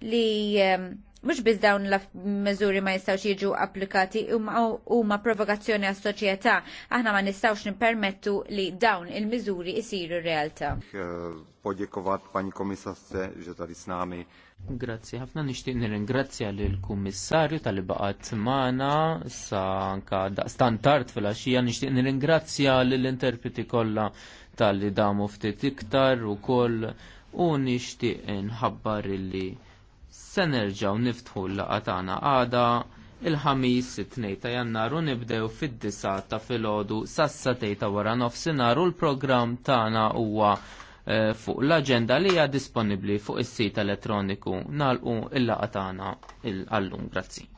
li mhux biss dawn l mezzuri ma jistgħux jiġu applikati huma provokazzjoni għas soċjetà aħna ma nistgħux nippermettu li dawn il-miżuri jisiru realtà. Eh, Podjekovat pani komissasse že tady s nami. Grazzi, ħafna nixtieq nirringrazzja lill kummissarju tal baqgħet Mana sa anka daqstantart fil-għaxija nixtieq nirringrazzja lill interpreti kollha tal-li damu ftit iktar ukoll u nixtieq nħabbar Li se nerġgħu niftħu l-laqgħa tagħna għada il-ħamis 2 ta' jannar u nibdew fid-disa ta' filgħodu sas-satej wara nofsinhar u l-programm tagħna huwa eh, fuq l-aġenda li hija disponibbli fuq is-sit elettroniku nagħlqu il-laqgħa tagħna il-allum. Grazzi.